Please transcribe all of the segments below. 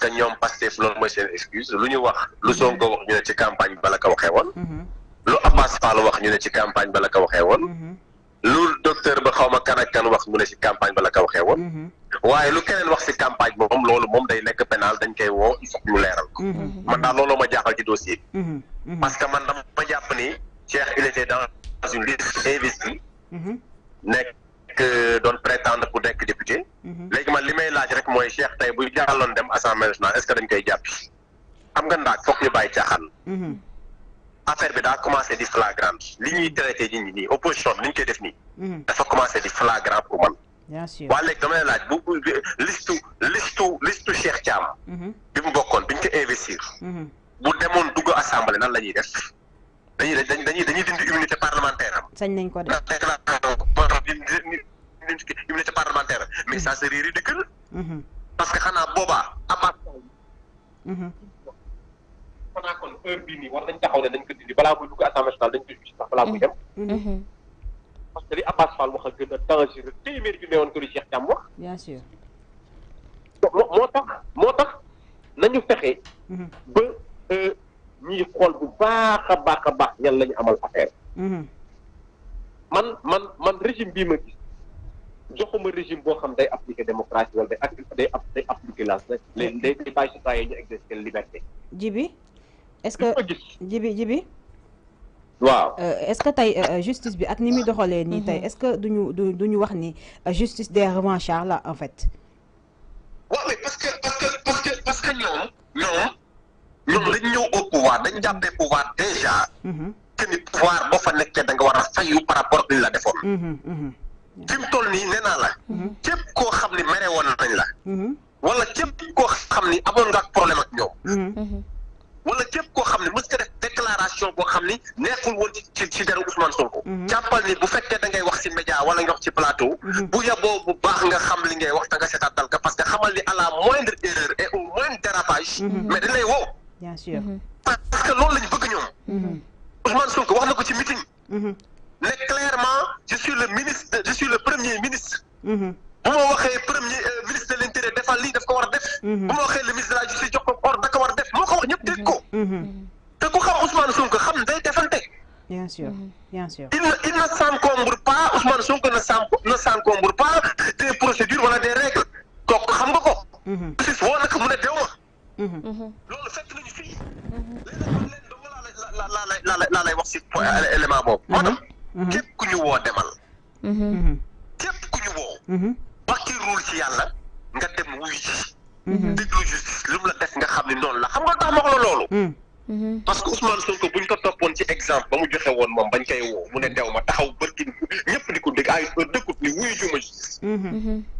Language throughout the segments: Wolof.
que ñoom Pastef loolu mooy seen excuse lu ñu wax lu Sonko wax ñu ne ci campagne bala ko waxee woon mhm. lu Abbas Fall wax ñu ne ci campagne bala ko waxee woon mhm. lu docteur ba xawma kan ak kan wax mu ne ci campagne bala ko waxee woon mhm. waaye lu keneen wax ci campagne ba moom loolu moom day nekk pénal dañ koy woo il leeral ko man daal looloo ma jaaxal ci dossier parce que ma jàpp ni Cheikh il dans une liste investie nekk doon prétendre pour nekk mooy Cheikh tey bu jàlloon dem assemblée nationale est-ce que dañ koy jàpp am nga ndax foog ñu bàyyi caaxaan. Mhm. affaire bi daa commencé di flagrante li ñuy traité nit ñi nii opposition li ñu koy def nii. dafa commencé di flagrant mhm. pour man. bien sûr waa léegi dama lay laaj bu listu listu listu Cheikh Thiam. Mhm. bi mu bokkoon bi ñu ko investir. bu demoon dugg assemblée nan la ñuy def. dañuy dañuy dañuy dindi immunité parlementaire am. sañ nañ ko def immunité parlementaire mais ça serait ridicule parce que xanaa boobaa kon heure war nañ taxaw dañ ko dindi dugg assemblée nationale dañ ko sax dem parce que li Fall a gën a bi ko Cheikh wax a baax amal affaire mhm. man man man régime joxuma régime boo xam day appliquer démocratie wala day day appliquer la les day bàyyi citoyen ñu exercer liberté. Djibi est-ce que Djibi Djibi. waaw euh, est-ce que tey euh, justice bi ak ni muy doxalee nii tey mhm. est-ce que duñu duñu wax ni euh, justice des revanchards la en fait. waaw mais parce que parce que parce que parce que ñoom. ñoom ñoom dañ ñëw au pouvoir dañ jàppee pouvoir déjà. Mhm. que ni pouvoir boo fa nekkee da nga war a fayu par rapport ak li la defoon. Mhm, fi mu toll nii nee la. Mhm. képp koo xam ni mere woon nañ la. Mhm. wala képp koo xam ni amoon nga ak problème ak ñoom. Mhm. wala képp koo xam ne mës nga def déclaration boo xam ni neexul woon ci ci deru Ousmane Sonko. jàppal ni bu fekkee da ngay wax ci média wala nga wax ci plateau. bu yaboo bu baax nga xam li ngay wax da nga seetaat dal ka parce que xamal ni à la moindre erreur et au moindre dérapage. mais lay woo. bien sûr parce que loolu la bëgg ñoom. Ousmane Sonko wax na ko ci meeting. Mais clairement je suis le ministre je suis le premier ministre. Mhm. premier euh, ministre de l'intérieur de ko mhm. le ministre de la justice jox ko ordre da ko def mhm. Ousmane Sonko bien sûr bien sûr. il ne il s'encombre pas Ousmane Sonko ne s'encombre pas des procédures voilà des règles xam ne Mm-hmm. Kep kounyo wou a deman? Mm-hmm. Mm-hmm. Kep kounyo wou? Bakir roul fiyan la, nga dem wou yi jist. Dek lo jist, lom la det nga khabli non la. Ham gantan mok lolo lo? Mm. Paske Ousmane Sonko, bunye kato apon ti egzant, banmou diye chewon man, banye kanyo wou, mounen de wou man, ta hou bonkin, nyep di kou dek, a yi dek kou pi, wou yi jou mou jist. Mou mou mou mou.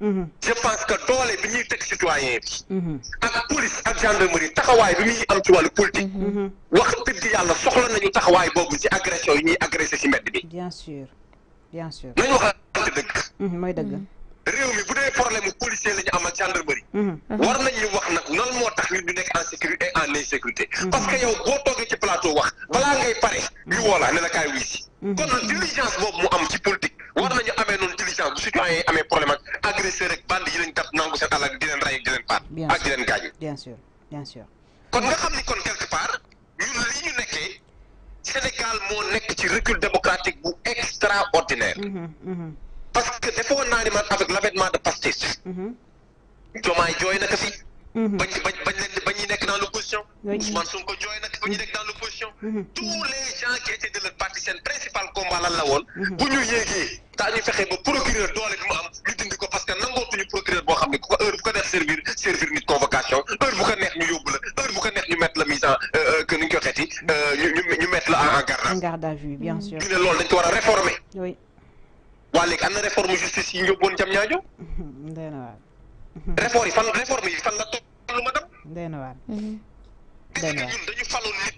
Mm-hmm. je pense que doole bi ñuy teg citoyen bi. Mm-hmm. ak police ak gendarmerie taxawaay bi muy am ci wàllu politique. Mm-hmm. wax dëgg yàlla soxla nañu taxawaay boobu ci agression yi ñuy agressé ci mbedd bi. bien sûr bien sûr. nañu waxante dëgg. mooy dëgg. réew am ak war nañu wax nag nan moo tax nit ñu nekk en sécurité en insécurité. parce que yow boo toogee ci plateau wax balaa ngay pare. ñu woo la ne la kaay diligence boobu mu am ci politique. citoyens yi amee problème ak agresseur ak bande yi lañ dab nangu seen alal di leen rey di leen paat ak di leen gaañu bien sûr bien sûr kon nga xam ni kon quelque part ñun li ñu nekkee Sénégal moo nekk ci recul démocratique bu extraordinaire mhm, mhm. parce que defoon naa avec l'avènement de Pastef jomaay mhm. jooy naka fi bañ bañ bañ leen bañ ñuy nekk dans l'opposition Ousmane Sonko jooy naka fi bañ ñuy nekk dans élection mhm. mhm. tous les gens qui étaient de leur parti seen principal combat là la woon mhm. bu ñu yéegee daañu fexe ba procureur doole bi mu am ñu dindi parce que nangootuñu procureur boo xam ne ko heure bu ko neex servir servir nit convocation heure bu ko neex ñu yóbbu la heure bu ko neex ñu mettre la mise en euh, euh, que nuñ ko xeeti euh, ñu mettre la en garde garde à vue bien sûr ñu ne loolu dañ ko war réformer oui waa léegi am na réforme justice yi ñu yóbboon jam ñaajo réforme yi fan réforme yi fan la toll madame dañu faloon nit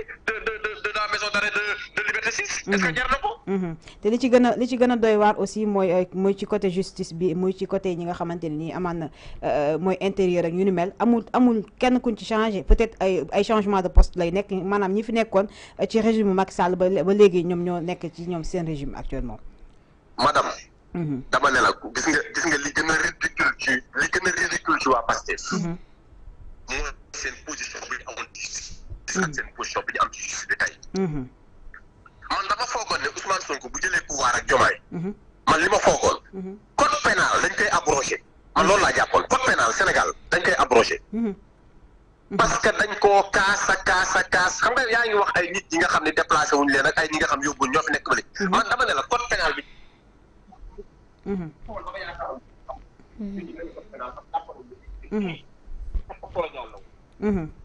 est-ce que mhm. mhm. te li ci gën a li ci gën a doy waar aussi mooy euh, mooy ci côté justice bi muy ci côté ñi nga xamante ne nii amaan na euh, mooy intérieur ak ñu ni mel amul amul kenn kuñ ci changé peut-être ay ay changement de poste lay nekk maanaam ñi fi nekkoon euh, ci régime Macky Sall ba ba léegi ñoom ñoo nekk ci ñoom seen régime actuellement madame mhm. dama ne la gis nga li gën a ridicule ci li gën a ridicule ci waa Pastef mooy seen position bi ñu amoon ci am ci justice bi li ma foogoon. Mhm. code pénal dañ koy abrogé man lool laa jàppoon code pénal Sénégal dañ koy abrogé. Mhm. Mhm. parce que dañ koo kaasa kaasa kaas xam nga yaa ngi wax ay nit ñi nga xam ne déplacé wuñ leen ak ay ñi nga xam yóbbuñ ñoo fi nekk ba léegi. man dama ne la code pénal bi. Mm-hmm.